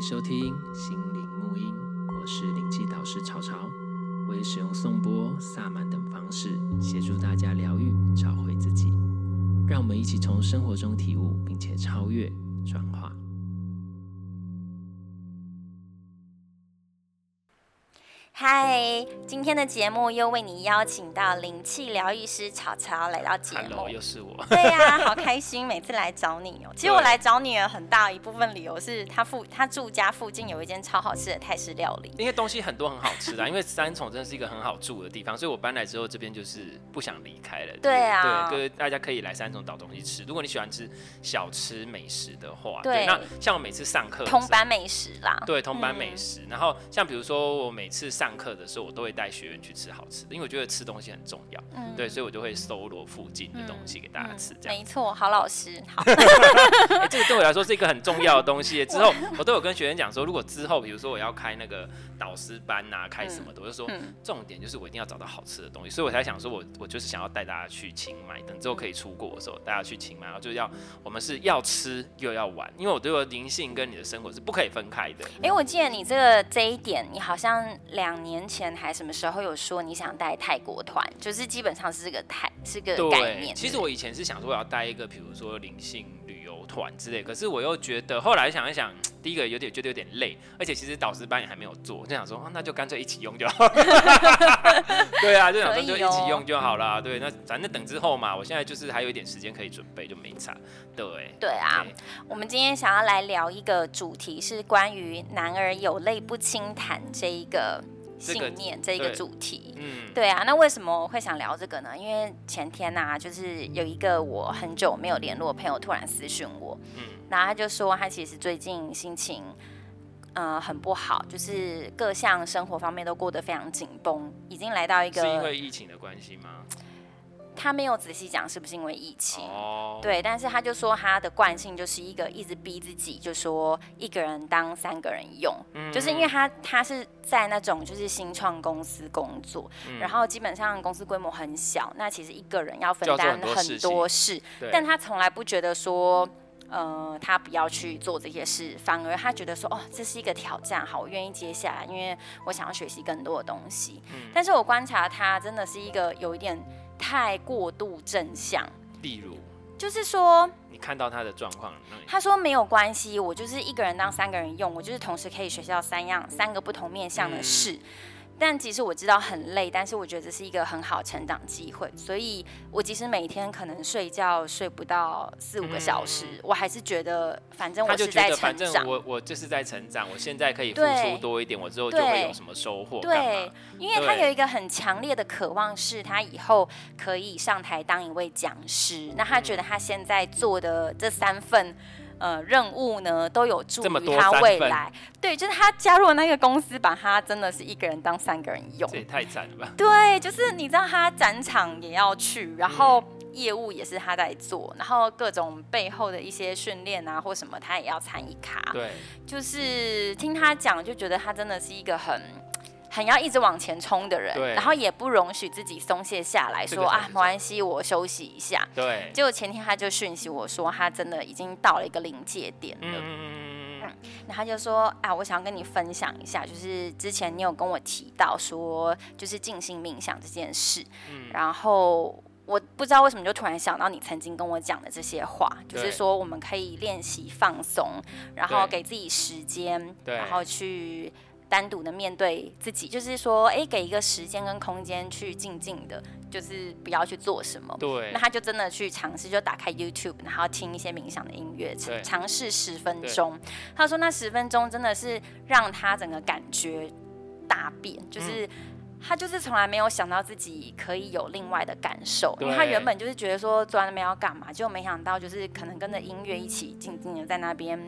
收聽心靈沐音，我是靈氣導師朝朝。我也使用頌缽、薩滿等方式，協助大家療癒、找回自己。讓我們一起從生活中體悟，並且超越、轉化。嗨，Hi, 今天的節目又為你邀請到靈氣療癒師朝朝來到節目。Hello，又是我。 對呀、啊，好開心， 每次來找你哦、喔。其實我來找你有很大一部分理由是，他附他住家附近有一間超好吃的泰式料理，因為東西很多，很好吃的、啊。因為三重真的是一個很好住的地方， 所以我搬來之後，這邊就是不想離開了。對，對啊，對，就是大家可以來三重找東西吃。如果你喜歡吃小吃美食的話，對，對，那像我每次上課，同班美食啦，對，同班美食。嗯、然後像比如說我每次上。上課的時候，我都會帶學員去吃好吃的，因為我覺得吃東西很重要。嗯、對，所以我就會搜羅附近的東西給大家吃。這樣、嗯嗯、沒錯，好老師，好、 欸。這個對我來說是一個很重要的東西。 之後我都有跟學員講說，如果之後比如說我要開那個。導師班啊，開什麼的，我就說重點就是我一定要找到好吃的東西，嗯嗯、所以我才想說我，我我就是想要帶大家去清邁，等之後可以出國的時候，大家去清邁，然後就要我們是要吃又要玩，因為我覺得靈性跟你的生活是不可以分開的。哎，欸，我記得你這個這一點，你好像兩年前還什麼時候有說你想帶泰國團，就是基本上是個泰這個概念對。其實我以前是想說我要帶一個，比如說靈性旅遊團之類，可是我又覺得後來想一想。第一個有點覺得有點累，而且其實導師班也還沒有做，就想說啊，那就乾脆一起用就好了， 對啊，就想說就一起用就好啦。哦、對，那反正等之後嘛，我現在就是還有一點時間可以準備，就沒差。對，對啊，欸、我們今天想要來聊一個主題，是關於“男兒有淚不輕彈”這一個。這個嗯、信念，這一個主題，嗯，對啊，那為什麼會想聊這個呢？因為前天呢、啊，就是有一個我很久沒有聯絡的朋友突然私訊我，嗯，然後他就說他其實最近心情、呃、很不好，就是各項生活方面都過得非常緊繃，已經來到一個是因為疫情的關係嗎？他沒有仔細講是不是因為疫情，Oh. 對，但是他就說他的慣性就是一個一直逼自己，就說一個人當三個人用，Mm hmm. 就是因為他他是在那種就是新創公司工作，Mm hmm. 然後基本上公司規模很小，那其實一個人要分擔很多事，多事但他從來不覺得說、呃、他不要去做這些事，反而他覺得說哦這是一個挑戰，好，我願意接下來，因為我想要學習更多的東西。Mm hmm. 但是我觀察他真的是一個有一點。太過度正向，例如，就是說，你看到他的狀況，他說沒有關係，我就是一個人當三個人用，我就是同時可以學習到三樣、三個不同面向的事。嗯但其實我知道很累，但是我覺得這是一個很好成長機會，嗯、所以我即使每天可能睡覺睡不到四五個小時，嗯、我還是覺得反正我就覺得反正我在成長。反正我我就是在成長，對我現在可以付出多一點，我之後就會有什麼收穫。對，嘛對因為他有一個很強烈的渴望，是他以後可以上台當一位講師。嗯、那他覺得他現在做的這三份。呃，任務呢都有助於他未來，對，就是他加入那個公司，把他真的是一個人當三個人用，這也太慘了吧？對，就是你知道他展場也要去，然後業務也是他在做，嗯、然後各種背後的一些訓練啊或什麼，他也要參與卡，對，就是聽他講就覺得他真的是一個很，很要一直往前衝的人，對然後也不容許自己鬆懈下來說說啊，沒關係，我休息一下。對。結果前天他就訊息我說，他真的已經到了一個臨界點了。嗯嗯嗯嗯。那、嗯、他就說，啊，我想要跟你分享一下，就是之前你有跟我提到說，就是靜心冥想這件事。嗯、然後我不知道為什麼就突然想到你曾經跟我講的這些話，對就是說我們可以練習放鬆，然後給自己時間，對對然後去。單獨的面對自己，就是說，誒，給一個時間跟空間去靜靜的，就是不要去做什麼。對。那他就真的去嘗試，就打開 YouTube，然後聽一些冥想的音樂，嘗試十分鐘。對。對。他說，那十分鐘真的是讓他整個感覺大變，就是。嗯他就是從來沒有想到自己可以有另外的感受，因為他原本就是覺得說坐在那邊要幹嘛？就沒想到就是可能跟着音樂一起靜靜的在那邊，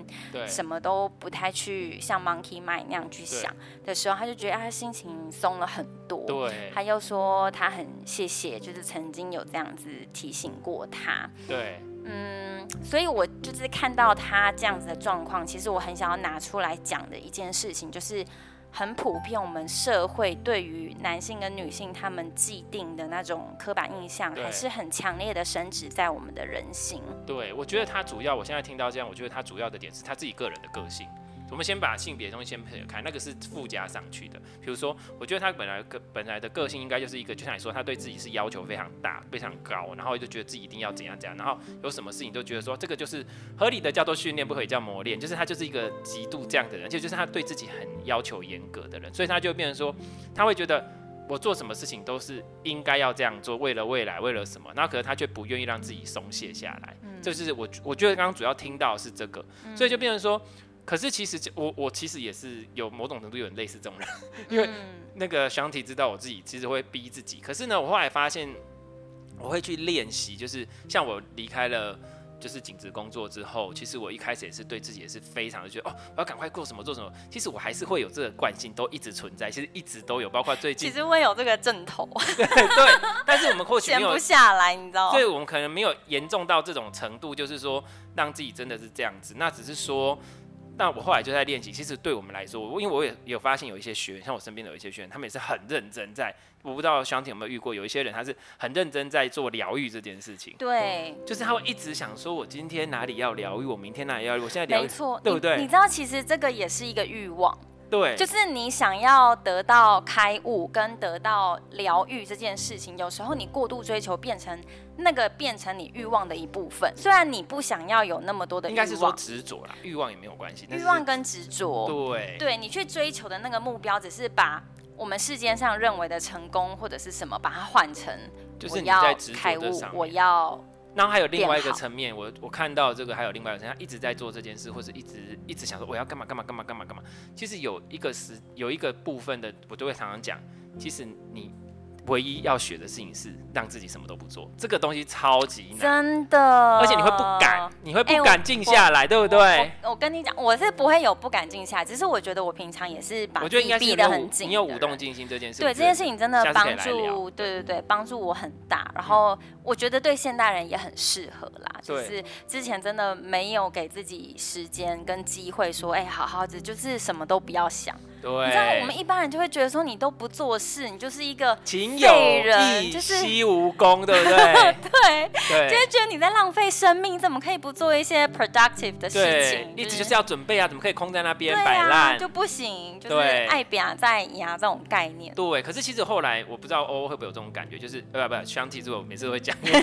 什麼都不太去像 Monkey Mind 那樣去想的時候，他就覺得他心情鬆了很多。對，他又說他很謝謝，就是曾經有這樣子提醒過他。對，嗯，所以我就是看到他這樣子的狀況，其實我很想要拿出來講的一件事情就是。很普遍，我們社會對於男性跟女性他們既定的那種刻板印象對，還是很強烈的，深植在我們的人性，對，我覺得他主要，我現在聽到這樣，我覺得他主要的點是他自己個人的個性。我們先把性別的東西先撇開，那個是附加上去的。比如說，我覺得他本來個本來的個性應該就是一個，就像你說，他對自己是要求非常大、非常高，然後就覺得自己一定要怎樣怎樣，然後有什麼事情都覺得說這個就是合理的叫做訓練，不可以叫磨練，就是他就是一個極度這樣的人，其實就是他對自己很要求嚴格的人，所以他就變成說，他會覺得我做什麼事情都是應該要這樣做，為了未來，為了什麼？然後可是他卻不願意讓自己鬆懈下來。嗯，這就是我我覺得剛剛主要聽到的是這個，所以就變成說。可是其實我我其實也是有某種程度有點類似這種人，因為那個 Shanti 知道我自己其實會逼自己。可是呢，我後來發現我會去練習，就是像我離開了就是警職工作之後，其實我一開始也是對自己也是非常的覺得哦，我要趕快做什麼做什麼。其實我還是會有這個慣性，都一直存在，其實一直都有，包括最近其實會有這個陣頭。 對，但是我們或許閒不下來，你知道？對，我們可能沒有嚴重到這種程度，就是說讓自己真的是這樣子，那只是說。但我後來就在練習，其實對我們來說，因為我也，也有發現有一些學員，像我身邊的有一些學員，他們也是很認真在。我不知道 Shanti 有沒有遇過，有一些人他是很認真在做療癒這件事情。對、嗯，就是他會一直想說，我今天哪裡要療癒，我明天哪裡要，我現在療癒，沒錯，對不對？你，你知道，其實這個也是一個慾望。對，就是你想要得到開悟跟得到療癒這件事情，有時候你過度追求，變成那個變成你慾望的一部分。雖然你不想要有那麼多的慾望，應該是說執着啦，慾望也沒有關係。慾望跟執着，對，對你去追求的那個目標，只是把我們世間上認為的成功或者是什麼，把它換成我，就是你要開悟，我要然後還有另外一個層面，好我我看到這個還有另外一個人，他一直在做這件事，或者一直一直想說我要幹嘛幹嘛幹嘛幹嘛幹嘛。其實有一個時有一個部分的，我就會常常講，其實你唯一要學的事情是讓自己什麼都不做，這個東西超級難，真的，而且你會不敢，你會不敢靜下來，欸、對不對？我，我，我，我跟你講，我是不會有不敢靜下來，只是我覺得我平常也是把我覺得應該逼得很緊。你有舞動靜心這件事情，對這件事情真的幫助，來聊對，對對對，幫助我很大，然後。嗯我覺得對現代人也很適合啦，就是之前真的沒有給自己時間跟機會說，哎，好好的，就是什麼都不要想。對。你知道我們一般人就會覺得說，你都不做事，你就是一個廢人，就是勤有益，嬉無功，對不對？對。就是覺得你在浪費生命，怎麼可以不做一些 productive 的事情？一直就是要準備啊，怎麼可以空在那邊擺爛，就不行？對，愛拚再贏這種概念。對，可是其實後來我不知道歐歐會不會有這種感覺，就是呃不，相提之後每次都會講。 因為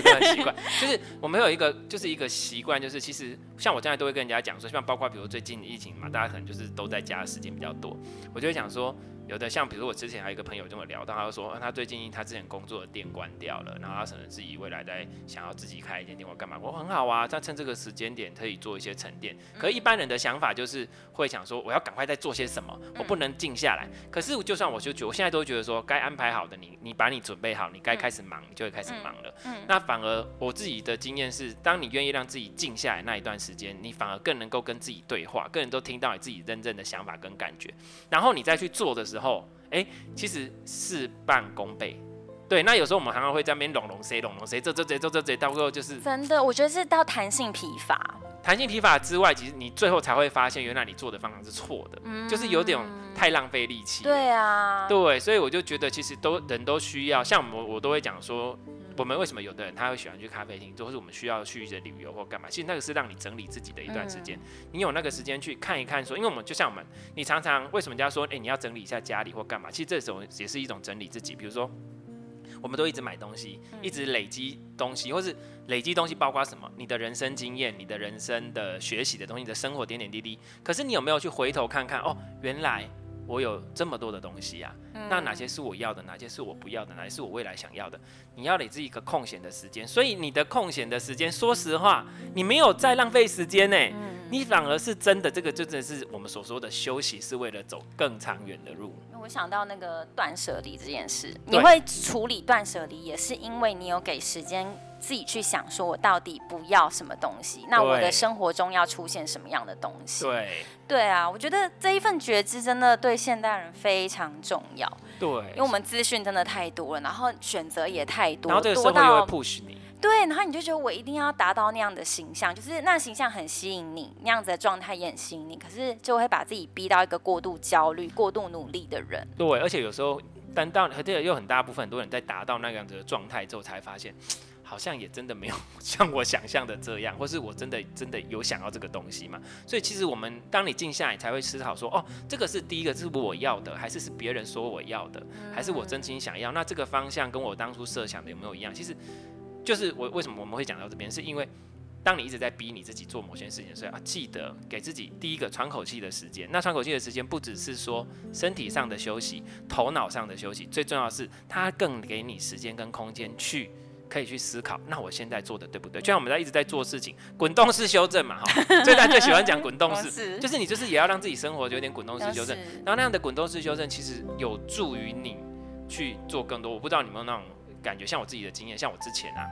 就是我們有一個，就是一個習慣，就是其實像我現在都會跟人家講說，像包括比如最近疫情嘛，大家可能就是都在家的時間比較多，我就會想說。有的像，比如我之前還有一個朋友跟我聊到，到他說，他最近他之前工作的店關掉了，然後他可能自己未來在想要自己開一間店或幹嘛。我很好啊，他趁這個時間點可以做一些沉澱。嗯、可一般人的想法就是會想說，我要趕快再做些什麼，嗯、我不能靜下來。可是就算我就覺得我現在都覺得說，該安排好的你，你你把你準備好，你該開始忙，就會開始忙了。嗯。嗯，那反而我自己的經驗是，當你願意讓自己靜下來那一段時間，你反而更能夠跟自己對話，更能夠聽到你自己真正的想法跟感覺，然後你再去做的時候。然後，哎，其實事半功倍，對。那有時候我們常常會在那邊攏攏誰攏攏誰，這這這這這，到時候就是真的，我覺得是到彈性疲乏。彈性疲乏之外，其實你最後才會發現，原來你做的方法是錯的，嗯，就是有點有太浪費力氣。對啊，對，所以我就覺得其實都人都需要，像我們我都會講說。我們為什麼有的人他會喜歡去咖啡廳，就是我們需要去一些旅遊或幹嘛？其實那個是讓你整理自己的一段時間。你有那個時間去看一看，說，因為我們就像我們，你常常為什麼人家說，哎，你要整理一下家裡或幹嘛？其實這種也是一種整理自己。比如說，我們都一直買東西，一直累積東西，或是累積東西包括什麼？你的人生經驗，你的人生的學習的東西，你的生活點點滴滴。可是你有沒有去回頭看看？哦，原來。我有這麼多的東西啊，嗯、那哪些是我要的？哪些是我不要的？哪些是我未來想要的？你要給自己一個空閒的時間，所以你的空閒的時間，說實話，你沒有在浪費時間呢、欸，嗯、你反而是真的，這個真的是我們所說的休息是為了走更長遠的路。我想到那個斷舍離這件事，對你會處理斷舍離，也是因為你有給時間。自己去想，說我到底不要什麼東西，那我的生活中要出現什麼樣的東西？對，對啊，我覺得這一份覺知真的對現代人非常重要。對，因為我們資訊真的太多了，然後選擇也太多，然後這個社會又會 push 你。對，然後你就覺得我一定要達到那樣的形象，就是那形象很吸引你，那樣子的狀態也很吸引你，可是就會把自己逼到一個過度焦慮、過度努力的人。對，而且有時候，但到而且又很大部分很多人在達到那個樣子的狀態之後，才發現。好像也真的沒有像我想象的這樣，或是我真的真的有想要這個東西嘛。所以其實我們當你靜下來，才會思考說：哦，這個是第一個，這是我要的，還是是別人說我要的，還是我真心想要？那這個方向跟我當初設想的有沒有一樣？其實就是我為什麼我們會講到這邊，是因為當你一直在逼你自己做某些事情的時候，所以要記得給自己第一個喘口氣的時間。那喘口氣的時間不只是說身體上的休息、頭腦上的休息，最重要的是它更給你時間跟空間去。可以去思考，那我現在做的對不對？就像我們在一直在做事情，滾動式修正嘛，哈，所以大家就喜歡講滾動式， 是就是你就是也要讓自己生活有點滾動式修正。是然後那樣的滾動式修正其實有助於你去做更多。我不知道你有沒有那種感覺，像我自己的經驗，像我之前啊。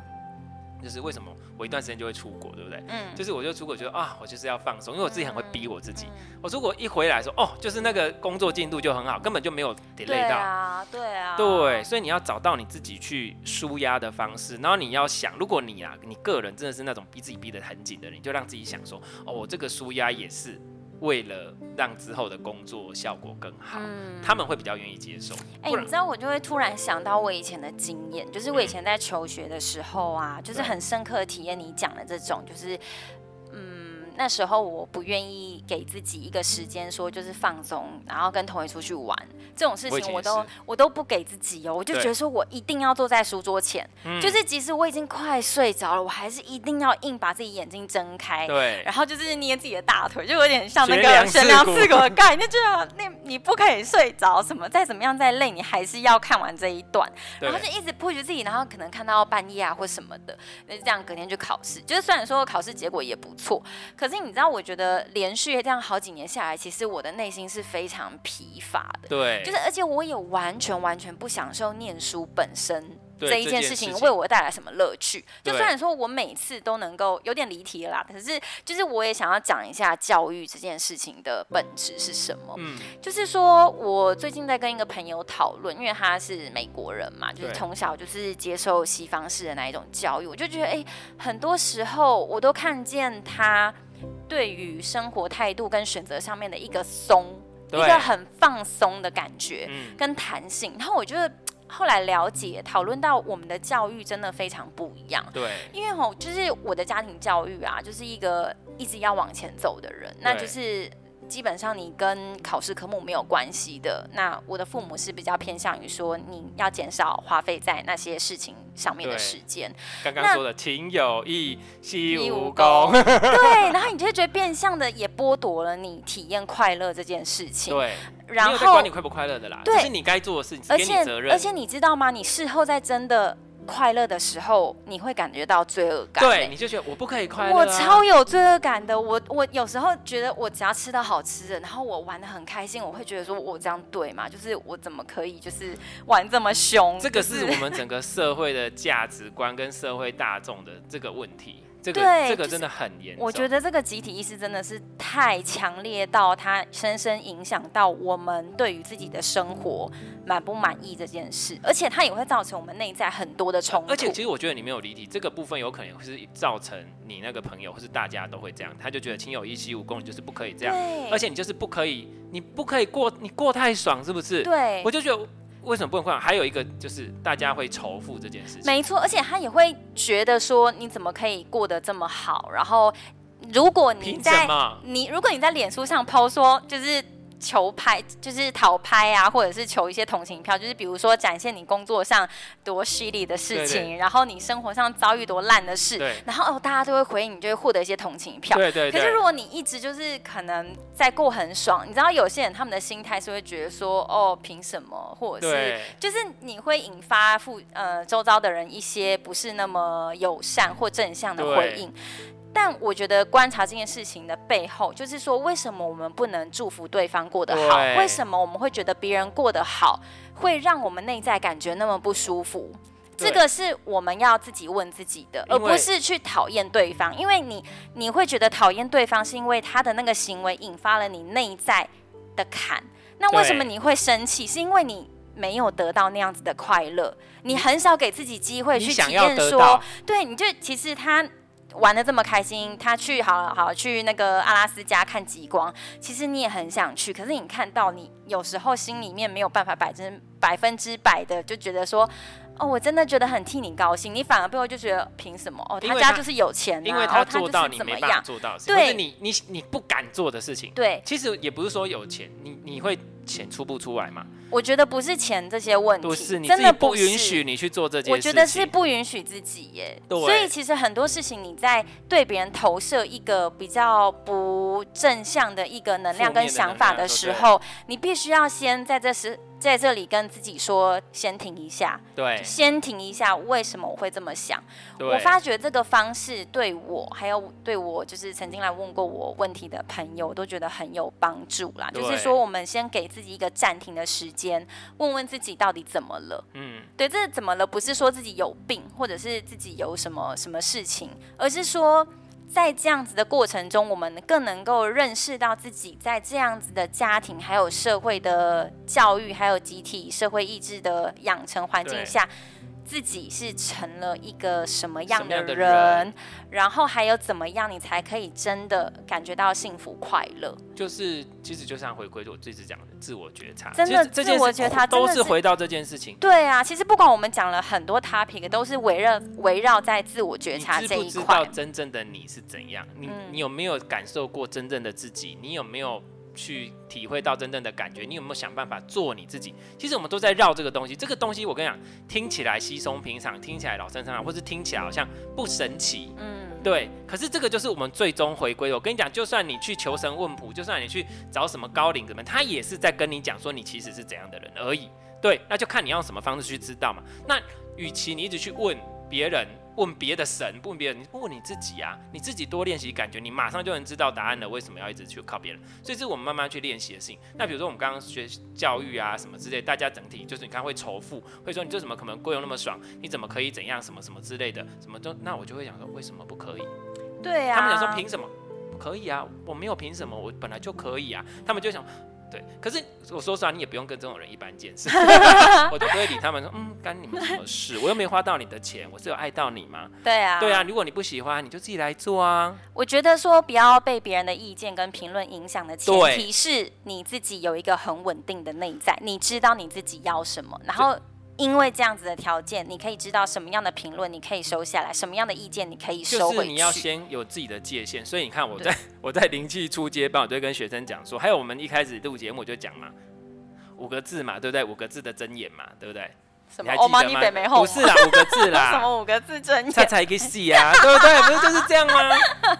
就是為什麼我一段時間就會出國，對不對？嗯，就是我就出國覺得啊，我就是要放鬆，因為我自己很會逼我自己。嗯、我如果一回來說哦，就是那個工作進度就很好，根本就沒有得累到。對啊，對啊。對，所以你要找到你自己去紓壓的方式，然後你要想，如果你啊，你個人真的是那種逼自己逼得很緊的人，你就讓自己想說哦，我這個紓壓也是。為了讓之後的工作效果更好，嗯、他們會比較願意接受。哎、欸，你知道，我就會突然想到我以前的經驗，就是我以前在求學的時候啊，欸、就是很深刻的體驗你講的這種，對就是。那時候我不願意給自己一個時間說，就是放鬆，然後跟同學出去玩這種事情我都我，我都不給自己哦、喔，對我就覺得說我一定要坐在書桌前，嗯、就是即使我已經快睡着了，我還是一定要硬把自己眼睛睜開。對，然後就是捏自己的大腿，就有點像那個懸梁刺股的概念，就要那你不可以睡着什麼，再怎麼樣再累你還是要看完這一段，對然後就一直 push 自己，然後可能看到半夜啊或什麼的，那、就是、這樣隔天去考試，就是雖然說考試結果也不錯，可。可是你知道，我覺得連續這樣好幾年下來，其實我的內心是非常疲乏的。對，就是而且我也完全完全不享受念書本身這一件事情為我帶來什麼樂趣。就雖然說，我每次都能夠有點離題了啦，可是就是我也想要講一下教育這件事情的本質是什麼。嗯，就是說我最近在跟一個朋友討論，因為他是美國人嘛，就是從小就是接受西方式的那一種教育，我就覺得哎、欸，很多時候我都看見他。對於生活態度跟選擇上面的一個鬆，對一個很放鬆的感覺，跟彈性。嗯、然後我覺得後來了解討論到我們的教育真的非常不一樣。對，因為吼，就是我的家庭教育啊，就是一個一直要往前走的人，對那就是。基本上你跟考試科目沒有關係的，那我的父母是比較偏向於說，你要減少花費在那些事情上面的時間。剛剛說的“那勤有益，嬉無功”，對， 然後你就會覺得變相的也剝奪了你體驗快樂這件事情。對，然後管你快不快樂的啦，這對是你該做的事，而且你自己的責任。而且你知道嗎？你事後再真的。快樂的時候，你會感覺到罪惡感欸。對，你就覺得我不可以快樂啊。我超有罪惡感的。我我有時候覺得，我只要吃到好吃的，然後我玩的很開心，我會覺得說，我這樣對嗎？就是我怎麼可以就是玩這麼兇？就是，這個是我們整個社會的價值觀跟社會大眾的這個問題。這個對、就是、這個真的很嚴，我覺得這個集體意識真的是太強烈到，它深深影響到我們對於自己的生活滿不滿意這件事，嗯、而且它也會造成我們內在很多的衝突、啊。而且其實我覺得你沒有離題，這個部分有可能是造成你那個朋友，或是大家都會這樣，他就覺得勤有益，嬉無功，就是不可以這樣。對而且你就是不可以，你不可以過，你過太爽是不是？對，我就覺得。為什麼不能換？還有一個就是大家會仇富這件事情。沒錯，而且他也會覺得說，你怎麼可以過得這麼好？然後，如果你在你如果你在臉書上 po 說，就是。求拍就是討拍啊，或者是求一些同情票，就是比如說，展現你工作上多犀利的事情，對對。然後你生活上遭遇多爛的事，對然後哦大家都會回應你，就會獲得一些同情票。對，對對對。可是如果你一直就是可能在過很爽，你知道有些人他們的心態是會覺得說哦憑什麼，或者是對就是你會引發負呃周遭的人一些不是那麼友善或正向的回應。但我覺得觀察這件事情的背後，就是說，為什麼我們不能祝福對方過得好？對為什麼我們會覺得別人過得好，會讓我們內在感覺那麼不舒服？對這個是我們要自己問自己的，因為而不是去討厭對方。因為你你會覺得討厭對方，是因為他的那個行為引發了你內在的坎。那為什麼你會生氣？對是因為你沒有得到那樣子的快樂，你很少給自己機會去體驗。說對，你就其實他。玩得這麼開心，他去好了好了去那個阿拉斯加看極光，其實你也很想去，可是你看到你有時候心裡面沒有辦法百分之百分之百的就覺得說，哦，我真的覺得很替你高興，你反而背後就覺得憑什麼？哦，他家就是有錢啊，因，因為他做到你沒辦法做到，對，你你你不敢做的事情，對，其實也不是說有錢，你你會。錢出不出來嘛？我覺得不是錢這些問題，是，真的不允許你去做這件事情。我覺得是不允許自己耶。欸、所以其實很多事情，你在對別人投射一個比較不正向的一個能量跟想法的時候，你必須要先在這時在這裡跟自己說：先停一下。對。先停一下，為什麼我會這麼想？對我發覺這個方式對我，還有對我，就是曾經來問過我問題的朋友，都覺得很有幫助啦。對就是說，我們先給。自己一個暫停的時間，問問自己到底怎麼了。嗯，對，這個怎麼了？不是說自己有病，或者是自己有什麼什麼事情，而是說在這樣子的過程中，我們更能夠認識到自己在這樣子的家庭、還有社會的教育、還有集體社會意志的養成環境下。自己是成了一個什麼樣的人，的人然後還有怎麼樣，你才可以真的感覺到幸福快樂？就是，其實就像回歸我這次講的自我覺察，真的這件我覺得都是回到這件事情。對啊，其實不管我們講了很多 topic，都是圍繞圍繞在自我覺察這一塊。你知不知道真正的你是怎樣？你你有沒有感受過真正的自己？你有沒有？去體會到真正的感覺，你有沒有想辦法做你自己？其實我們都在繞這個東西，這個東西我跟你講，聽起來稀鬆平常，聽起來老生常談，或是聽起來好像不神奇，嗯，對。可是這個就是我們最終回歸。我跟你講，就算你去求神問卜，就算你去找什麼高靈怎麼樣，他也是在跟你講說你其實是怎樣的人而已。對，那就看你要用什麼方式去知道嘛。那與其你一直去問別人。問別的神，不問別人，你、哦、問你自己啊！你自己多練習感覺，你馬上就能知道答案了。為什麼要一直去靠別人？所以這是我們慢慢去練習的性。那比如說我們剛剛學教育啊什麼之類，大家整體就是你看會仇富，會說你這怎麼可能過得那麼爽？你怎麼可以怎樣什麼什麼之類的？什麼都那我就會想說，為什麼不可以？對呀、啊，他們想說憑什麼不可以啊？我沒有憑什麼，我本來就可以啊！他們就想。對，可是我說實話、啊，你也不用跟這種人一般見識， 我都不會理他們，說，嗯，幹你們什麼事？我又沒花到你的錢，我是有愛到你嗎？對啊，對啊，如果你不喜歡，你就自己來做啊。我覺得說不要被別人的意見跟評論影響的前提是你自己有一個很穩定的內在，對你知道你自己要什麼，然後。因為這樣子的條件，你可以知道什麼樣的評論你可以收下來，什麼樣的意見你可以收回去。就是你要先有自己的界限。所以你看，我在對我在靈氣初階班，我就跟學生講說，還有我們一開始錄節目就講嘛，五個字嘛，對不對？五個字的真言嘛，對不對？什麼？歐曼尼北沒後。不是啊，五個字啦。 什麼五個字真言？差差一個字啊，對不對？不是就是這樣嗎？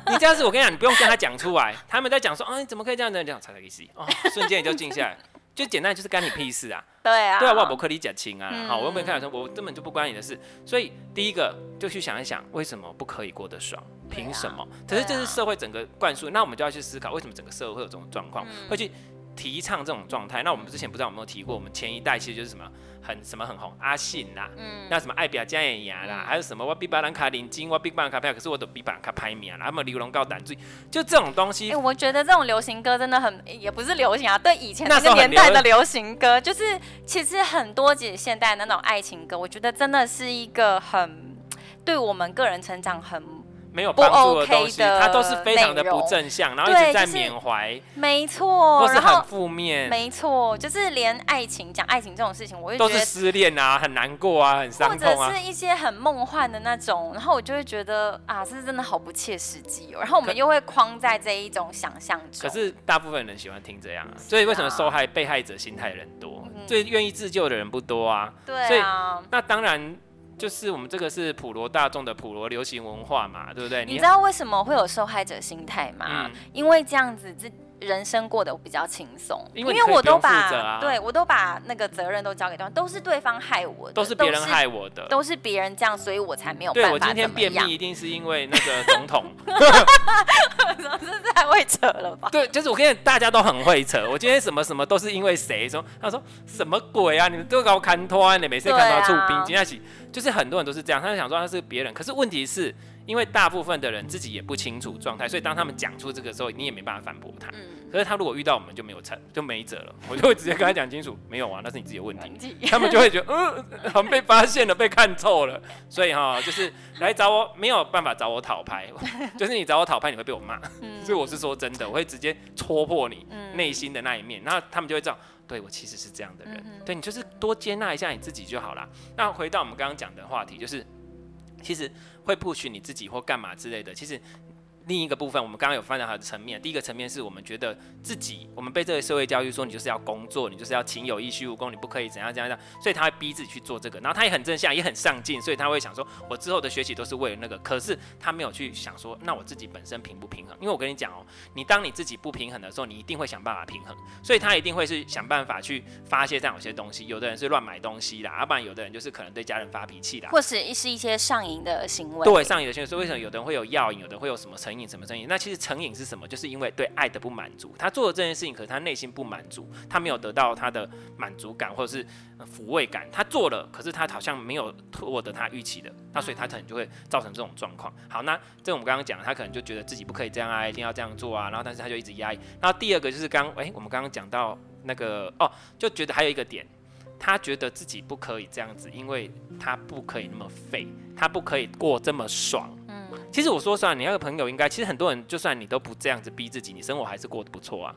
你這樣子，我跟你講，你不用跟他講出來，他們在講說，啊、哦，你怎麼可以這樣這樣？差差一個字啊、哦，瞬間你就靜下來。 就簡單，就是干你屁事啊！ 對啊，對啊，我不可理解情啊！嗯、好，我又沒看到說，我根本就不關你的事。所以第一個就去想一想，為什麼不可以過得爽？憑、啊、什麼？可是這是社會整個灌輸，那我們就要去思考，為什麼整個社會會有這種狀況？嗯、會去。提倡這種狀態，那我們之前不知道有沒有提過，我們前一代其實就是什麼很什麼很紅，阿信啦，嗯，那什麼愛拚才會贏啦，嗯、還有什麼我比別人卡認真，我比別人卡打拚，可是我就比別人卡歹命啦，還沒流浪到淡水。就這種東西、欸。我覺得這種流行歌真的很也不是流行啊，對以前那個年代的流行歌，就是其實很多幾現代那種愛情歌，我覺得真的是一個很對我們個人成長很。沒有幫助的東西，OK，它都是非常的不正向，對然後一直在緬懷。就是、沒錯，都是很負面，沒錯，就是連愛情講愛情這種事情，我覺得都是失戀啊，很難過啊，很傷痛啊，或者是一些很夢幻的那種，然後我就會覺得啊，這是真的好不切實際哦，然後我們又會框在這一種想象中。可，可是大部分人喜歡聽這樣，啊，所以為什麼受害被害者心態的人多，最、啊嗯、願意自救的人不多啊？對啊，那當然。就是我們這個是普羅大眾的普羅流行文化嘛，對不對？你知道為什麼會有受害者心態嗎？嗯，因為這樣子這。人生過得比較輕鬆，因為，啊、因為我都把對，我都把那個責任都交給對方，都是對方害我的，都是別人害我的，都是別人這樣，所以我才沒有辦法怎麼樣。對，我今天便秘一定是因為那個總統，我哈實在太會扯了吧？對，就是我跟你大家都很會扯，我今天什麼什麼都是因為誰說，他說什麼鬼啊？你們都給我看拖、啊、你每次看到觸屏，今天起就是很多人都是這樣，他就想說他是別人，可是問題是。因為大部分的人自己也不清楚狀態，所以當他們講出這個時候，你也沒辦法反駁他。嗯、可是他如果遇到我們，就沒有成，就沒轍了。我就會直接跟他講清楚， 沒有啊，那是你自己的問題。他們就會覺得，嗯、呃，被發現了，被看透了。所以哈、哦，就是來找我，沒有辦法找我討拍。就是你找我討拍，你會被我罵。所以、嗯、我是說真的，我會直接戳破你內心的那一面。嗯、然後他們就會知道，對我其實是這樣的人。嗯、哼對你就是多接納一下你自己就好了。那回到我們剛剛講的話題，就是其實。會 push 你自己或幹嘛之類的，其實。另一個部分，我們剛剛有發在他的層面。第一個層面是我們覺得自己，我們被這個社會教育說你就是要工作，你就是要勤有益，嬉無功，你不可以怎樣怎樣怎樣。所以他會逼自己去做這個。然後他也很正向，也很上進，所以他會想說，我之後的學習都是為了那個。可是他沒有去想說，那我自己本身平不平衡？因為我跟你講哦、喔，你當你自己不平衡的時候，你一定會想辦法平衡。所以他一定會是想辦法去發洩這樣有些東西。有的人是亂買東西的，要不然有的人就是可能對家人發脾氣的，或是一是一些上癮的行為。對上癮的行為，所以為什麼有的人會有藥癮，有的人會有什麼成癮？癮什麼？成癮？那其實成癮是什麼？就是因為對愛的不滿足。他做了這件事情，可是他內心不滿足，他沒有得到他的滿足感或者是撫慰感。他做了，可是他好像沒有獲得他預期的，那所以他可能就會造成這種狀況。好，那這我們剛剛講，他可能就覺得自己不可以這樣啊，一定要這樣做啊，然後但是他就一直壓抑。然後第二個就是剛，哎、欸，我們剛剛講到那個哦，就覺得還有一個點，他覺得自己不可以這樣子，因為他不可以那麼廢，他不可以過這麼爽。其實我說算你那個朋友應該，其實很多人就算你都不這樣子逼自己，你生活還是過得不錯啊，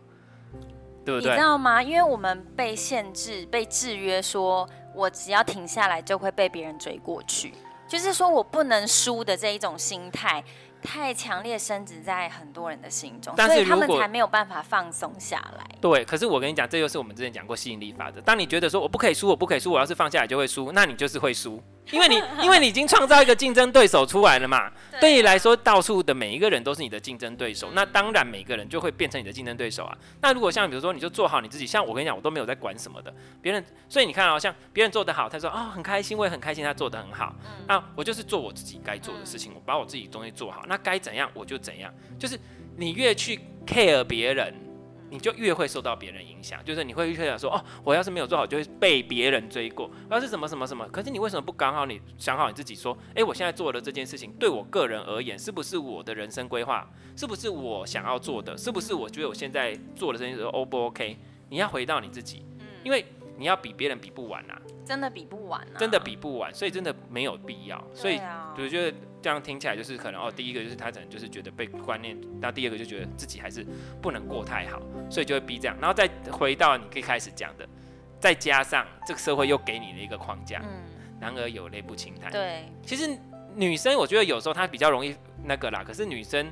對不對？你知道嗎？因為我們被限制、被制約說，說我只要停下來就會被別人追過去，就是說我不能輸的這一種心態太強烈，深植在很多人的心中，但是所以他們才沒有辦法放鬆下來。對，可是我跟你講，這就是我們之前講過吸引力法則。當你覺得說我不可以輸，我不可以輸，我要是放下來就會輸，那你就是會輸，因為你因為你已經創造一個競爭對手出來了嘛。對，啊、對你來說，到處的每一個人都是你的競爭對手，那當然每個人就會變成你的競爭對手啊。那如果像比如說，你就做好你自己，像我跟你講，我都沒有在管什麼的別人。所以你看啊、哦，像別人做得好，他說啊、哦、很開心，我也很開心，他做得很好。嗯、那我就是做我自己該做的事情，我把我自己東西做好。那該怎樣我就怎樣，就是你越去 care 別人。你就越會受到別人影響，就是你會越想說，哦，我要是沒有做好，就會被別人追過，我要是什麼什麼什麼。可是你為什麼不剛好你想好你自己說，哎、欸，我現在做的這件事情，對我個人而言，是不是我的人生規劃？是不是我想要做的？是不是我覺得我現在做的這件事情是 O 不 OK？你要回到你自己，因為。你要比別人比不完吶、啊，真的比不完、啊，真的比不完，所以真的沒有必要。啊、所以我覺得這樣聽起來就是可能哦，第一個就是他可能就是覺得被觀念，那第二個就覺得自己還是不能過太好，所以就會逼這樣。然後再回到你可以開始講的，再加上這個社會又給你的一個框架。嗯，男兒有淚不輕彈。對，其實女生我覺得有時候她比較容易那個啦，可是女生。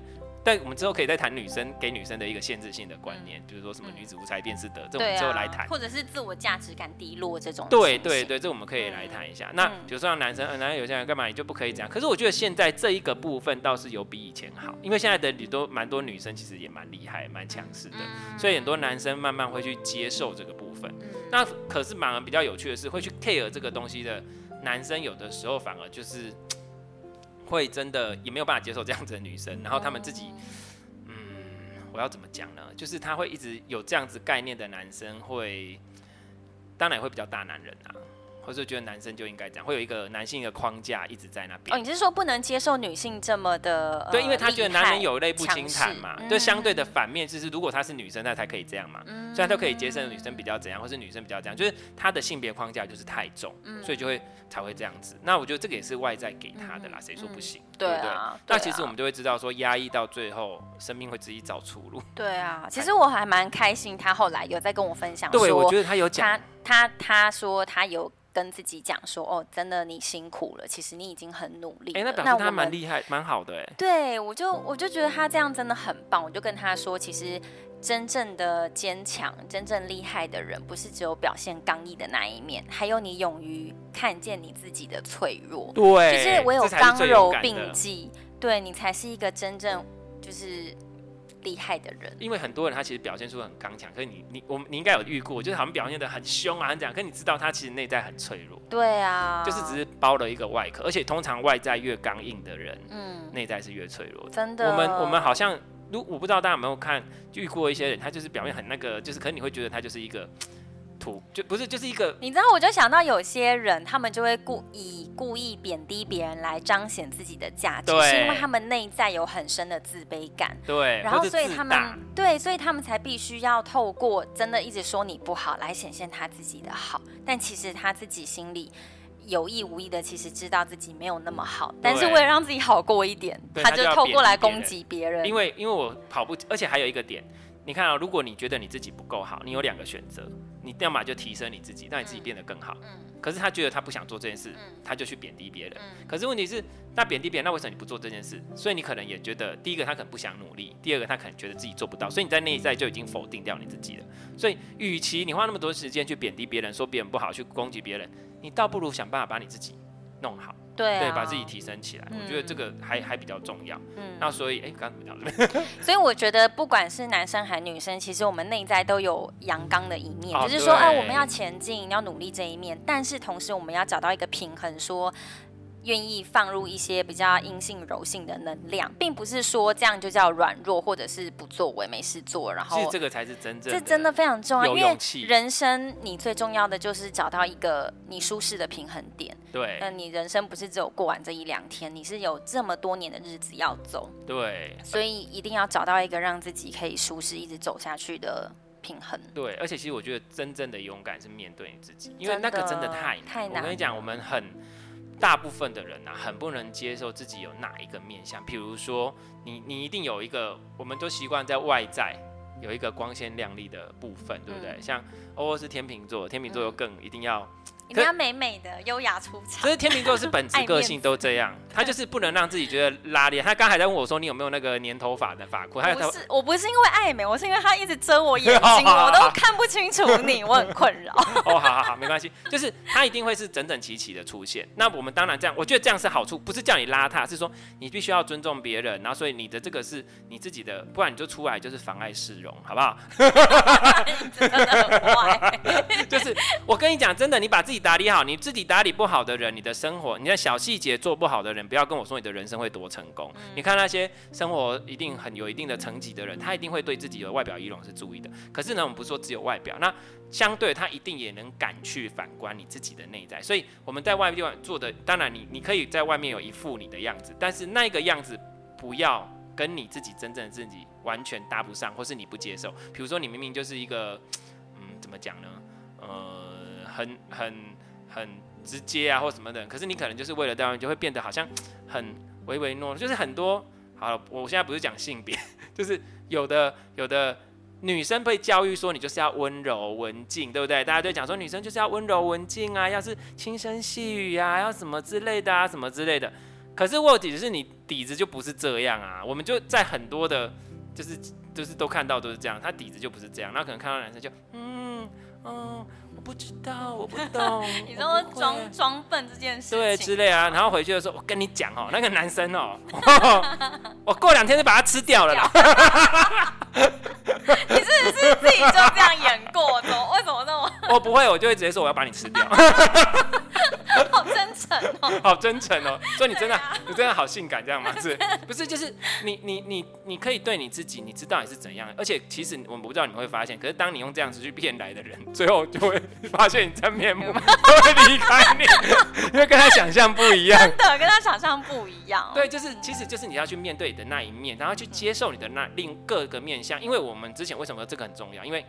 但我們之後可以再談女生給女生的一個限制性的觀念，比、就、如、是、說什麼“女子無才便是德”，嗯、這我們之後來談、啊，或者是自我價值感低落這種。對對對，這我們可以來談一下。嗯、那比如說讓男生，嗯、呃，男生有些人幹嘛，你就不可以這樣。可是我覺得現在這一個部分倒是有比以前好，因為現在的女多蠻多女生其實也蠻厲害、蠻強勢的，嗯、所以很多男生慢慢會去接受這個部分。嗯、那可是反而比較有趣的是，會去 care 這個東西的男生，有的時候反而就是。會真的也沒有辦法接受這樣子的女生，然後他們自己，嗯，我要怎麼講呢？就是他會一直有這樣子概念的男生會，會當然會比較大男人啊。我或是覺得男生就應該這樣，會有一個男性的框架一直在那邊。哦，你是說不能接受女性這麼的？對，呃、因為他覺得男人有淚不輕彈嘛，勢就相對的反面就是，如果他是女生，那才可以這樣嘛。嗯，雖然他可以接受女生比較怎樣，或是女生比較怎樣，就是他的性別框架就是太重，嗯、所以就會才會這樣子。那我覺得這個也是外在給他的啦，誰、嗯、說不行？嗯對，對，對啊，對啊，那其實我們就會知道，說壓抑到最後，生命會自己找出路。對啊，其實我還蠻開心，他後來有在跟我分享說。對，我覺得他有講，他他，他說他有跟自己講說，哦，真的你辛苦了，其實你已經很努力了。哎，那表示他還蠻厲害，蠻好的、欸。對，我就我就覺得他這樣真的很棒，我就跟他說，其實。真正的堅強、真正厲害的人，不是只有表現剛毅的那一面，還有你勇於看見你自己的脆弱。對，就是我有剛柔並濟，對你才是一個真正就是厲害的人。因為很多人他其實表現出很剛強，可是你你我們你應該有遇過，就是好像表現得很凶啊很講，可是你知道他其實內在很脆弱。對啊，就是只是包了一個外殼，而且通常外在越剛硬的人，嗯，內在是越脆弱的。真的，我們我們好像。如我不知道大家有沒有看遇過一些人，他就是表面很那個，就是可能你會覺得他就是一個土，就不是就是一個。你知道，我就想到有些人，他們就會故以故意貶低別人來彰顯自己的價值，對是因為他們內在有很深的自卑感。對，然後所以他們對，所以他們才必須要透過真的一直說你不好來顯現他自己的好，但其實他自己心裡。有意無意的，其實知道自己沒有那麼好，對但是為了讓自己好過一點，對他就透過來攻擊別人。因為因為我跑步，而且還有一個點。你看啊、哦，如果你覺得你自己不夠好，你有兩個選擇，你要麼就提升你自己，讓你自己變得更好。可是他覺得他不想做這件事，他就去貶低別人。可是問題是，那貶低別人，那為什麼你不做這件事？所以你可能也覺得，第一個他可能不想努力，第二個他可能覺得自己做不到，所以你在內在就已經否定掉你自己了。所以，與其你花那麼多時間去貶低別人，說別人不好，去攻擊別人，你倒不如想辦法把你自己弄好。對，啊、對，把自己提升起來，嗯、我覺得這個還還比較重要。嗯，那所以哎，剛才怎麼講？所以我覺得不管是男生還是女生，其實我們內在都有陽剛的一面，哦、就是說，哎，我們要前進，要努力這一面。但是同時，我們要找到一個平衡，說。願意放入一些比較陰性柔性的能量，並不是說這樣就叫軟弱或者是不作為、沒事做。然後，其實這個才是真正的。這真的非常重要，因為人生你最重要的就是找到一個你舒適的平衡點。對，那你人生不是只有過完這一兩天，你是有這麼多年的日子要走。對，所以一定要找到一個讓自己可以舒適一直走下去的平衡。對，而且其實我覺得真正的勇敢是面對你自己，因為那個真的太……難，太難。我跟你講，我們很。大部分的人啊，很不能接受自己有哪一個面相。比如說，你你一定有一個，我們都習慣在外在有一個光鮮亮麗的部分，嗯、對不對？像歐歐、哦、是天秤座，天秤座又更一定要。你要美美的，優雅出場。可是天秤座是本質個性都這樣，他就是不能讓自己覺得邋遢。他剛才在問我說：“你有沒有那個粘頭髮的髮箍？”他不是，我不是因為愛美，我是因為他一直遮我眼睛，我都看不清楚你，我很困擾。哦，好好好，沒關係。就是他一定會是整整齊齊的出現。那我們當然這樣，我覺得這樣是好處，不是叫你邋遢，是說你必須要尊重別人。然後，所以你的這個是你自己的，不然你就出來就是妨礙市容，好不好？真的很壞。就是我跟你講，真的，你把自己。打理好你自己，打理不好的人，你的生活，你的小細節做不好的人，不要跟我說你的人生會多成功。嗯、你看那些生活一定很有一定的層級的人，他一定會對自己的外表儀容是注意的。可是呢，我們不說只有外表，那相對他一定也能敢去反觀你自己的內在。所以我們在外面做的，當然你你可以在外面有一副你的樣子，但是那個樣子不要跟你自己真正的自己完全搭不上，或是你不接受。比如說你明明就是一個，嗯，怎麼講呢？呃。很很很直接啊，或者什麼的。可是你可能就是為了對方這樣，就會變得好像很唯唯諾諾。就是很多，好了，我現在不是講性別，就是有的有的女生被教育說你就是要溫柔文靜，對不對？大家都講說女生就是要溫柔文靜啊，要是輕聲細語啊，要什麼之類的啊，什麼之類的。可是臥底只是你底子就不是這樣啊。我們就在很多的，就是就是都看到都是這樣，他底子就不是這樣。那可能看到男生就嗯嗯。嗯我不知道，我不懂。你說裝裝笨這件事情，對，之類啊。然後回去的時候，我跟你講哦、喔，那個男生哦、喔， 我過兩天就把他吃掉了啦。吃掉 你是不是自己就這樣演過的？為什麼那麼？我不會，我就會直接說我要把你吃掉。 好真誠誠哦，哦，好真誠哦，所以你真的，啊、你真的好性感這樣嗎？是，不是？就是你，你，你，你可以對你自己，你知道你是怎樣。而且，其實我們不知道你會發現，可是當你用這樣子去騙來的人，最後就會發現你真面目， 會離開你，因為 跟他想象不一樣。真的，跟他想象不一樣、哦。對，就是，其實就是你要去面對你的那一面，然後去接受你的那另各個面相。嗯、因為我們之前為什麼說這個很重要？因為。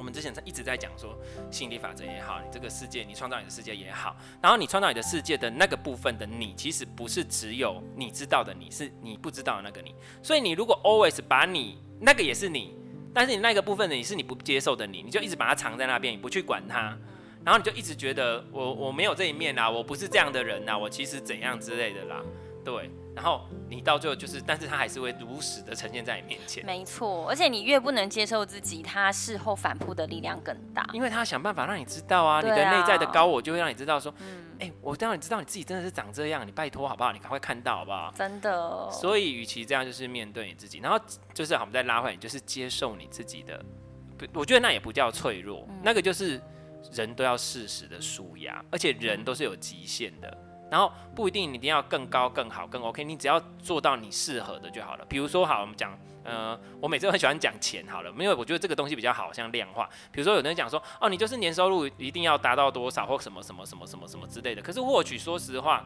我們之前一直在講說心理法則也好，你這個世界，你創造你的世界也好，然後你創造你的世界的那個部分的你，其實不是只有你知道的你，你是你不知道的那個你。所以你如果 always 把你那個也是你，但是你那個部分的你是你不接受的你，你就一直把它藏在那邊，你不去管它，然後你就一直覺得我我沒有這一面啊，我不是這樣的人啊，我其實怎樣之類的啦，對。然後你到最後就是，但是他還是會如實的呈現在你面前。沒錯，而且你越不能接受自己，他事後反撲的力量更大，因為他想辦法讓你知道啊，啊你的內在的高我就會讓你知道說，哎、嗯欸，我讓你知道你自己真的是長這樣，你拜托好不好？你趕快看到好不好？真的。所以，與其這樣，就是面對你自己，然後就是好，我們再拉回來，你就是接受你自己的。我覺得那也不叫脆弱，嗯、那個就是人都要適時的舒壓，而且人都是有極限的。然後不一定你一定要更高、更好、更 OK，你只要做到你適合的就好了。比如說，好，我們講，呃，我每次都很喜歡講錢好了，因為我覺得這個東西比較好，像量化。比如說，有人講說，哦，你就是年收入一定要達到多少或什麼什麼什麼什麼什麼之類的。可是獲取，說實話，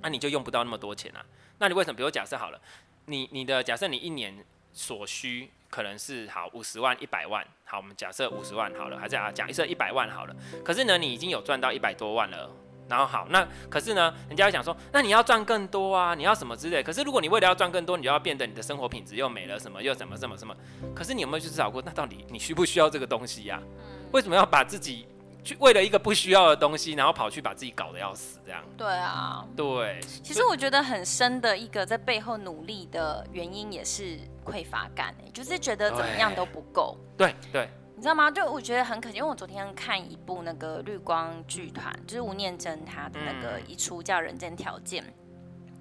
那，啊，你就用不到那麼多錢啊。那你為什麼？比如假設好了，你你的假設你一年所需可能是好五十萬、一百萬，好，我們假設五十萬好了，還是啊，假設一百萬好了。可是呢，你已經有賺到一百多萬了。然後好，那可是呢，人家會想說，那你要賺更多啊，你要什麼之類。可是如果你為了要賺更多，你就要變得你的生活品質又沒了，什麼又什麼什麼什麼。可是你有沒有去思考過，那到底你需不需要這個東西呀、啊？嗯，為什麼要把自己去為了一個不需要的東西，然後跑去把自己搞得要死這樣？對啊，對。其實我覺得很深的一個在背後努力的原因，也是匱乏感、欸，就是覺得怎麼樣都不夠。對對。你知道嗎？就我覺得很可惜，因為我昨天看一部那個綠光劇團，就是吳念真他的那個一出叫《人間條件》。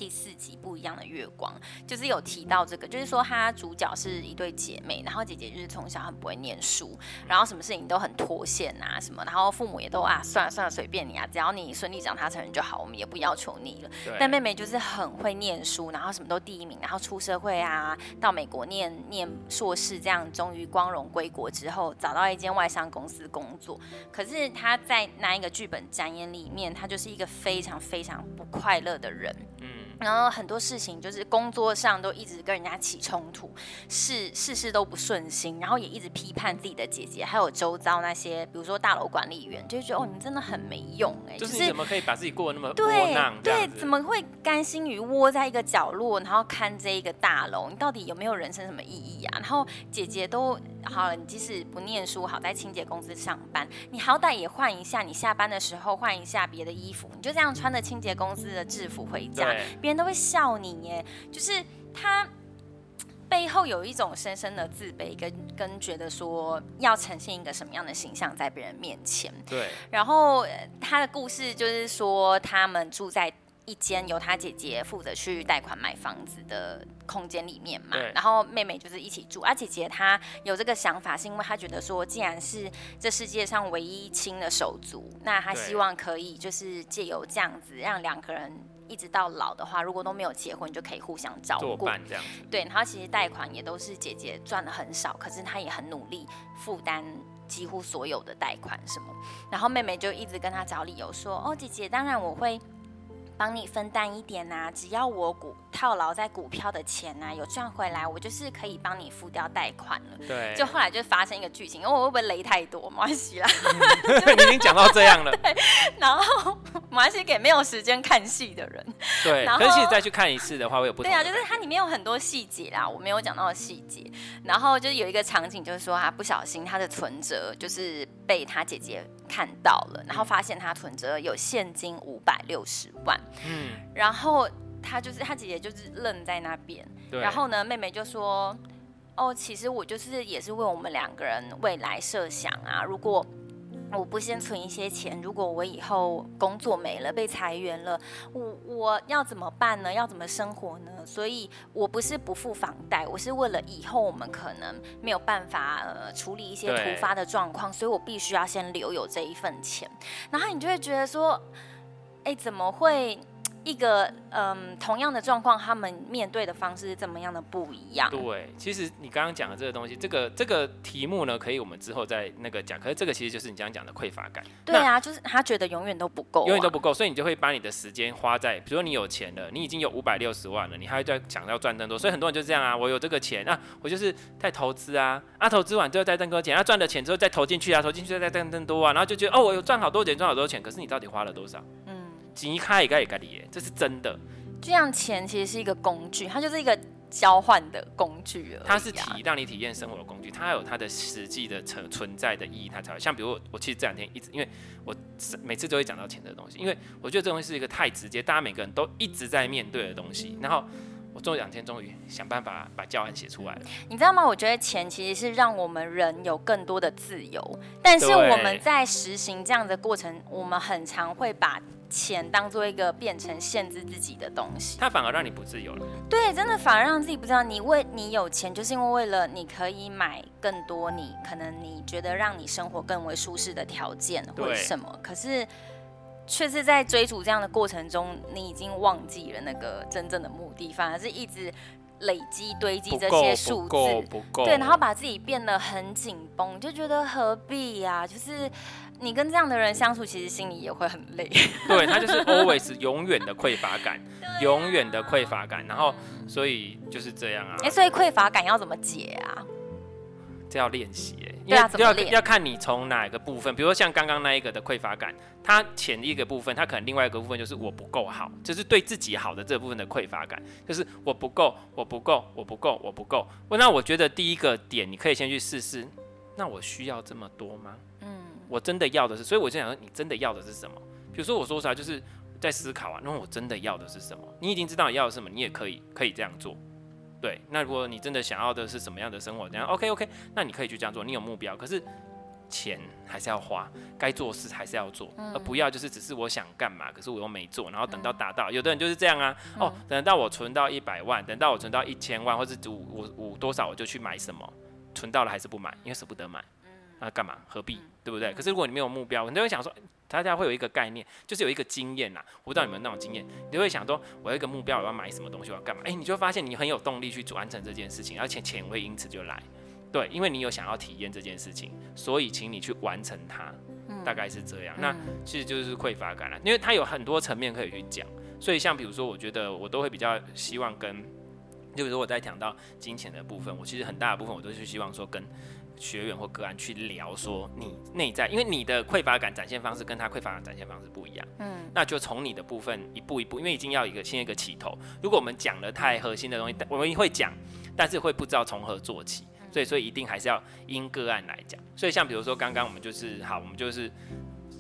第四集不一樣的月光，就是有提到這個，就是說他主角是一對姐妹，然後姐姐就是從小很不會念書，然後什麼事情都很脫線啊什麼，然後父母也都啊算了算了，隨便你啊，只要你順利長大成人就好，我們也不要求你了。對但妹妹就是很會念書，然後什麼都第一名，然後出社會啊，到美國念念碩士，這樣終於光榮歸國之後，找到一間外商公司工作。可是她在那一個劇本展演裡面，她就是一個非常非常不快樂的人。嗯。然後很多事情就是工作上都一直跟人家起衝突，事事事都不順心，然後也一直批判自己的姐姐，還有周遭那些，比如說大樓管理員，就覺得、嗯、哦，你真的很沒用哎，欸，就是、就是你怎麼可以把自己過得那麼窩囊。對，對，怎麼會甘心於窩在一個角落，然後看這一個大樓？你到底有沒有人生什麼意義啊？然後姐姐都。好了，你即使不念書，好在清潔公司上班，你好歹也換一下，你下班的時候換一下別的衣服，你就這樣穿着清潔公司的制服回家，別對人都會笑你耶。就是他背後有一種深深的自卑，跟跟覺得說要呈現一個什麼樣的形象在別人面前。對，然後他的故事就是說，他們住在。一間由她姐姐負責去貸款買房子的空間裡面嘛，然後妹妹就是一起住而、啊、姐姐她有這個想法，是因為她覺得說，既然是這世界上唯一親的手足，那她希望可以就是借由這樣子，讓兩個人一直到老的話，如果都沒有結婚，就可以互相照顧。對，然後其實貸款也都是姐姐賺的很少，可是她也很努力負擔幾乎所有的貸款什麼。然後妹妹就一直跟她找理由說，哦，姐姐，當然我會。幫你分擔一點吶、啊，只要我鼓，套牢在股票的錢呢、啊，有賺回來，我就是可以幫你付掉貸款了。對，就後來就發生一個劇情，因、哦、為我會不會雷太多？馬來西你已經講到這樣了，對，然後馬來西給沒有時間看戲的人。對，然後可是再去看一次的話會有不同的，我也不對啊，就是它裡面有很多細節啦，我沒有講到的細節。嗯、然後就是有一個場景，就是說他不小心他的存摺就是被他姐姐看到了，然後發現他存摺有現金五百六十萬。嗯，然後。他就是，他姐姐就是愣在那邊，對然後呢，妹妹就說：“哦，其實我就是也是為我們兩個人未來設想啊。如果我不先存一些錢，如果我以後工作沒了，被裁員了，我我要怎麼辦呢？要怎麼生活呢？所以我不是不付房貸，我是為了以後我們可能沒有辦法呃處理一些突發的狀況，對所以我必須要先留有這一份錢。然後你就會覺得說，哎，怎麼會？”一個嗯，同樣的狀況，他們面對的方式是怎麼樣的不一樣？對，其實你剛剛講的這個東西，這個這個題目呢，可以我們之後再那個講。可是這個其實就是你剛剛講的匱乏感。對啊，那就是他覺得永遠都不夠，啊，永遠都不夠，所以你就會把你的時間花在，比如說你有錢了，你已經有五百六十萬了，你還在想要賺更多。所以很多人就是這樣啊，我有這個錢啊，我就是在投資啊，啊投資完之後再掙更多錢，啊賺的錢之後再投進去啊，投進去再掙更多啊，然後就覺得哦，我有賺好多錢，賺好多錢，可是你到底花了多少？一開也該也該的耶，這是真的。就像錢其實是一個工具，它就是一個交換的工具，啊、它是體讓你體驗生活的工具，它還有它的實際的存存在的意義，它才像比如我其實這兩天一直，因為我每次都會講到錢的東西，因為我覺得這東西是一個太直接，大家每個人都一直在面對的東西。嗯、然後。我做兩天終於想辦法把，把教案寫出來了。你知道嗎？我覺得錢其實是讓我們人有更多的自由，但是我們在實行這樣的過程，對我們很常會把錢當做一個變成限制自己的東西。它反而讓你不自由了。對，真的反而讓自己不知道。你為你有錢，就是因為為了你可以買更多你可能你覺得讓你生活更為舒適的條件或什麼，對可是。卻是在追逐這樣的過程中，你已經忘記了那個真正的目的，反而是一直累積堆積這些數字，不夠，不夠不夠，對，然後把自己變得很緊繃，就覺得何必呀、啊？就是你跟這樣的人相處，其實心裡也會很累。對，他就是 always 永遠的匱乏感， 啊、永遠的匱乏感，然後所以就是這樣啊。哎，所以匱乏感要怎麼解啊？這要練習、欸啊、要要看你從哪一個部分，比如說像剛剛那一個的匱乏感，它前一個部分，它可能另外一個部分就是我不夠好，就是對自己好的這部分的匱乏感，就是我不夠，我不夠，我不夠，我不夠。那我覺得第一個點，你可以先去試試。那我需要這麼多嗎？嗯，我真的要的是，所以我就想說，你真的要的是什麼？比如說我說啥，就是在思考啊，那我真的要的是什麼？你已經知道你要的是什麼，你也可以可以這樣做，對，那如果你真的想要的是什麼樣的生活，這樣 OK OK，那你可以去這樣做。你有目標，可是錢還是要花，該做事還是要做，而不要就是只是我想幹嘛，可是我又沒做，然後等到達到，有的人就是這樣啊，哦，等到我存到一百萬，等到我存到一千萬，或是五五多少我就去買什麼，存到了還是不買，因為捨不得買。那幹、啊、嘛，何必，嗯、對不對？可是如果你沒有目標，你就會想說，大家會有一個概念，就是有一個經驗吶、啊。我不知道你們有沒有那種經驗，你就會想說，我有一個目標，我要買什麼東西，我要幹嘛？哎，你就發現你很有動力去完成這件事情，而且錢，錢會因此就來，對，因為你有想要體驗這件事情，所以請你去完成它，嗯、大概是這樣。那、嗯、其實就是匱乏感了，因為它有很多層面可以去講。所以像比如說，我覺得我都會比較希望跟，就比如說我在講到金錢的部分，我其實很大的部分我都是希望說跟。學員或個案去聊說你內在，因為你的匱乏感展現方式跟他匱乏感展現方式不一樣，嗯，那就從你的部分一步一步，因為已經要一個先一個起頭。如果我們講的太核心的東西，我們會講，但是會不知道從何做起，所以所以一定還是要因個案來講。所以像比如說剛剛我們就是好，我們就是。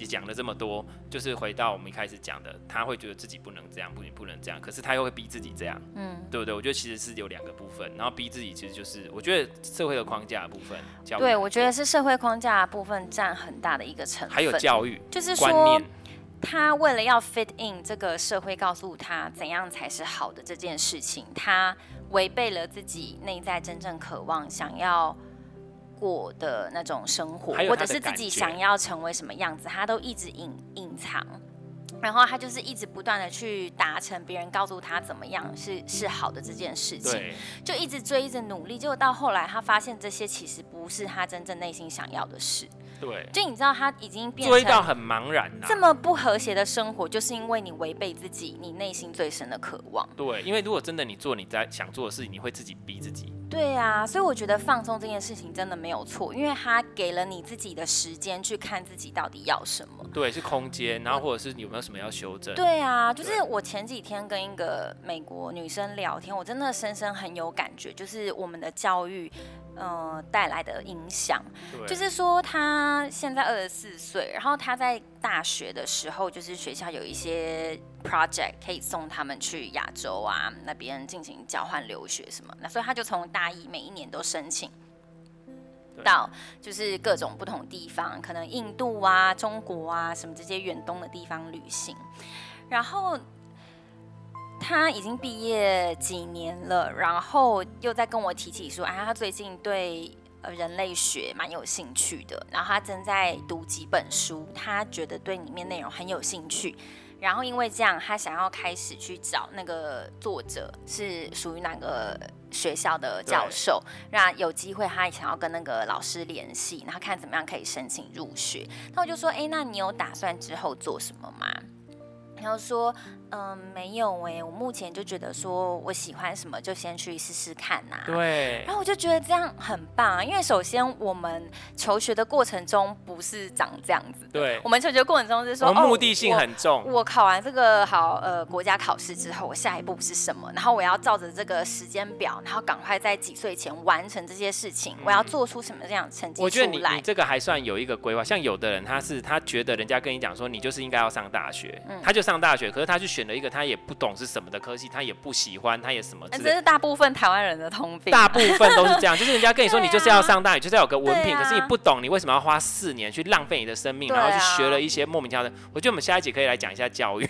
講了這麼多，就是回到我們一開始講的，他會覺得自己不能這樣，不，不能這樣，可是他又會逼自己這樣，嗯，對不對？我覺得其實是有兩個部分，然後逼自己其實就是，我覺得社會的框架的部分，教育，對，我覺得是社會框架的部分佔很大的一個成分，還有教育，就是說，觀念，他為了要 fit in 這個社會，告訴他怎樣才是好的這件事情，他違背了自己內在真正渴望想要。過的那種生活，或者是自己想要成為什麼樣子，他都一直隱隱藏，然後他就是一直不斷的去達成別人告訴他怎麼樣是是好的這件事情，對就一直追着努力，結果到後來他發現這些其實不是他真正內心想要的事。對，就你知道他已經變追到很茫然了，這麼不和諧的生活，就是因為你違背自己，你內心最深的渴望。對，因為如果真的你做你在想做的事情，你會自己逼自己。對啊，所以我覺得放鬆這件事情真的沒有錯，因為他給了你自己的時間去看自己到底要什麼。對，是空間，然後或者是有沒有什麼要修正。對啊，就是我前幾天跟一個美國女生聊天，我真的深深很有感覺，就是我們的教育。嗯，帶、呃、來的影響對就是說，他現在二十四歲，然後他在大學的時候，就是學校有一些 project 可以送他們去亞洲啊，那邊進行交換留學什麼，那所以他就從大一每一年都申請到，就是各種不同地方，可能印度啊、中國啊什麼這些遠東的地方旅行，然後。他已經畢業幾年了，然後又在跟我提起說，啊，他最近對呃人類學蠻有興趣的。然後他正在讀幾本書，他覺得對裡面內容很有興趣。然後因為這樣，他想要開始去找那個作者是屬於哪個學校的教授，對讓有機會他想要跟那個老師聯繫，然後看怎麼樣可以申請入學。那我就說，哎，那你有打算之後做什麼嗎？他就說。嗯，沒有哎、欸，我目前就覺得說，我喜歡什麼就先去試試看吶、啊。對。然後我就覺得這樣很棒、啊，因為首先我們求學的過程中不是長這樣子。對。我們求學的過程中是說，我目的性很重。哦、我，我考完這個好呃國家考試之後，我下一步是什麼？然後我要照着這個時間表，然後趕快在幾歲前完成這些事情。嗯、我要做出什麼這樣成績？我覺得你，你這個還算有一個規劃。像有的人他是他覺得人家跟你講說你就是應該要上大學，嗯、他就上大學，可是他去學。選了一個他也不懂是什麼的科系，他也不喜歡，他也什麼？那這是大部分台灣人的通病，大部分都是這樣。就是人家跟你說，你就是要上大學，就是要有個文憑，可是你不懂，你為什麼要花四年去浪費你的生命，然後去學了一些莫名其妙的？我覺得我們下一集可以來講一下教育。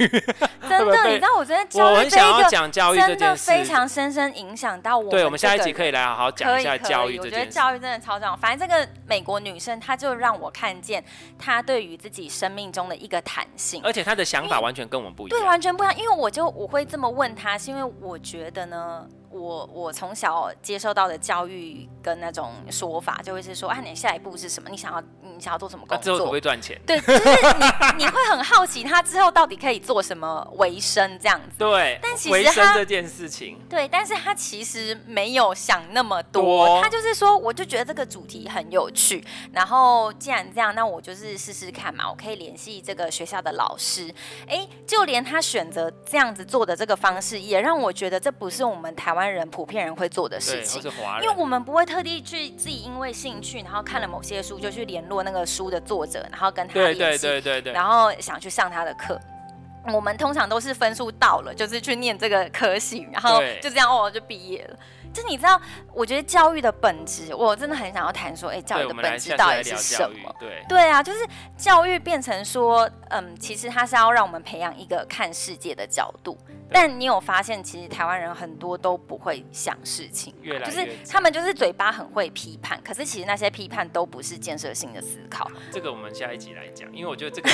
真的，你知道我真的我很想要講教育這件事，非常深深影響到我。對，我們下一集可以來好好講一下教育這件事。我覺得教育真的超重要。反正這個美國女生，她就讓我看見她對於自己生命中的一個彈性，而且她的想法完全跟我們不一樣，對，完全不。不啊，因為我就我會這麼問他，是因為我覺得呢。我我從小接受到的教育跟那種說法，就會是說啊，你下一步是什麼？你想要你想要做什麼工作？啊、之後會賺錢。 對，就是你你會很好奇他之後到底可以做什麼為生這樣子。對，但其實為生這件事情，對，但是他其實沒有想那麼多。我他就是說，我就覺得這個主題很有趣。然後既然這樣，那我就是試試看嘛。我可以聯繫這個學校的老師。哎、欸，就連他選擇這樣子做的這個方式，也讓我覺得這不是我們台灣。人普遍人會做的事情，因為我們不會特地去自己因為興趣，然後看了某些書、嗯、就去聯絡那個書的作者，然後跟他對對，對對，然後想去上他的課。我們通常都是分數到了，就是去念這個科系，然後就這樣對哦，就畢業了。就你知道，我覺得教育的本質，我真的很想要談說，哎、欸，教育的本質到底是什麼？對，對，對啊，就是教育變成說。嗯，其實他是要讓我們培養一個看世界的角度，對但你有發現，其實台灣人很多都不會想事情，啊，越來越就是他們就是嘴巴很會批判，可是其實那些批判都不是建設性的思考。這個我們下一集來講，因為我覺得這個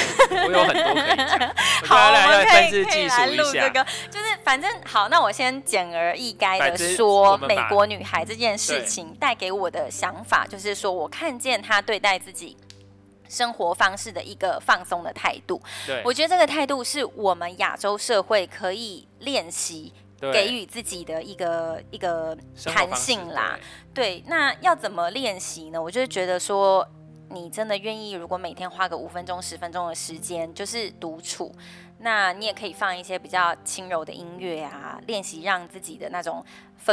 我有很多可以講 好，我們可以可以來錄這個，就是反正好，那我先簡而易概的說《美國女孩》這件事情帶給我的想法，對就是說我看見她對待自己，生活方式的一個放鬆的態度，對，我覺得這個態度是我們亞洲社會可以練習給予自己的一個對一個彈性啦。對，對，那要怎麼練習呢？我就是覺得說，你真的願意，如果每天花個五分鐘、十分鐘的時間，就是獨處，那你也可以放一些比較輕柔的音樂啊，練習讓自己的那種。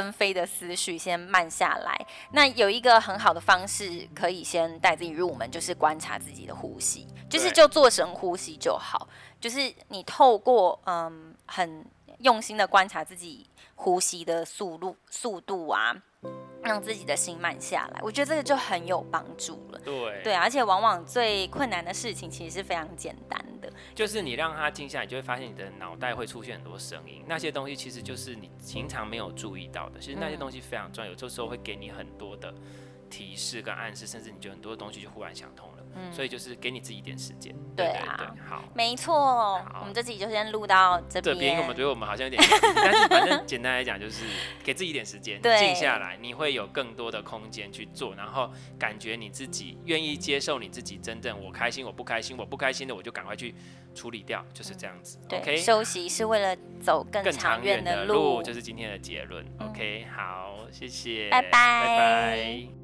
紛飛的思緒先慢下來，那有一個很好的方式可以先帶自己入門，就是觀察自己的呼吸，就是就做深呼吸就好。就是你透過嗯很用心的觀察自己呼吸的速度、速度啊，讓自己的心慢下來，我覺得這個就很有幫助了。對對，而且往往最困難的事情其實是非常簡單。就是你讓他靜下來，就會發現你的腦袋會出現很多聲音，那些東西其實就是你平常沒有注意到的。其實那些東西非常重要，有時候會給你很多的提示跟暗示，甚至你就很多東西就忽然想通了。所以就是給你自己一點時間，對啊，好，沒錯，我們這集就先錄到這邊。因為我們覺得我們好像有點，但是反正簡單來講就是給自己一點時間，對，靜下來，你會有更多的空間去做，然後感覺你自己願意接受你自己真正我開心我不開心我不開心的我就趕快去處理掉，就是這樣子。OK 休息是為了走更更長遠的路，就是今天的結論。OK，好，謝謝，拜拜，拜拜。